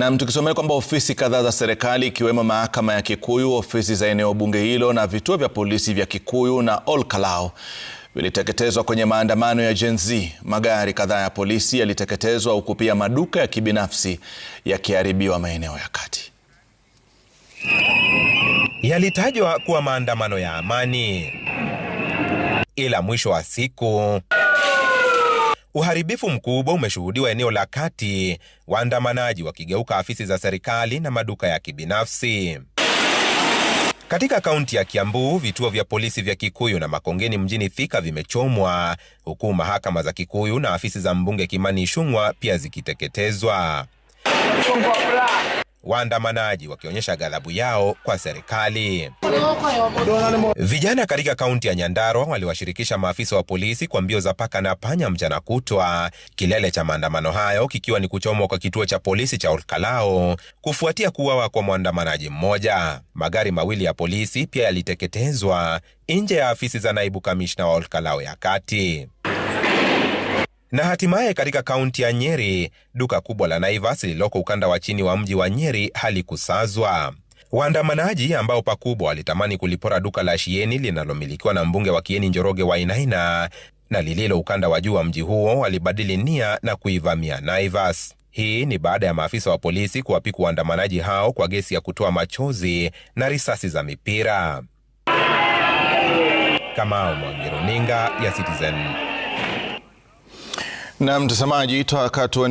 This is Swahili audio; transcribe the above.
Nam, tukisomea kwamba ofisi kadhaa za serikali ikiwemo mahakama ya Kikuyu, ofisi za eneo bunge hilo na vituo vya polisi vya Kikuyu na olkalau viliteketezwa kwenye maandamano ya Gen Z. Magari kadhaa ya polisi yaliteketezwa huku pia maduka ya kibinafsi yakiharibiwa maeneo ya kati. Yalitajwa kuwa maandamano ya amani, ila mwisho wa siku Uharibifu mkubwa umeshuhudiwa eneo la kati, waandamanaji wakigeuka afisi za serikali na maduka ya kibinafsi. Katika kaunti ya Kiambu, vituo vya polisi vya Kikuyu na Makongeni mjini Thika vimechomwa huku mahakama za Kikuyu na afisi za mbunge Kimani Ichung'wah pia zikiteketezwa waandamanaji wakionyesha ghadhabu yao kwa serikali. Vijana katika kaunti ya Nyandarua waliwashirikisha maafisa wa polisi kwa mbio za paka na panya mchana kutwa, kilele cha maandamano hayo kikiwa ni kuchomwa kwa kituo cha polisi cha Olkalao kufuatia kuuawa kwa mwandamanaji mmoja. Magari mawili ya polisi pia yaliteketezwa nje ya afisi za naibu kamishna wa Olkalao ya kati. Na hatimaye katika kaunti ya Nyeri, duka kubwa la Naivas lililoko ukanda wa chini wa mji wa Nyeri halikusazwa. Waandamanaji ambao pakubwa walitamani kulipora duka la Shieni linalomilikiwa na mbunge wa Kieni Njoroge Wainaina na lililo ukanda wa juu wa mji huo walibadili nia na kuivamia Naivas. Hii ni baada ya maafisa wa polisi kuwapiku waandamanaji hao kwa gesi ya kutoa machozi na risasi za mipira. Kamau Mwangi, runinga ya Citizen. Na mtazamaji, taka tuende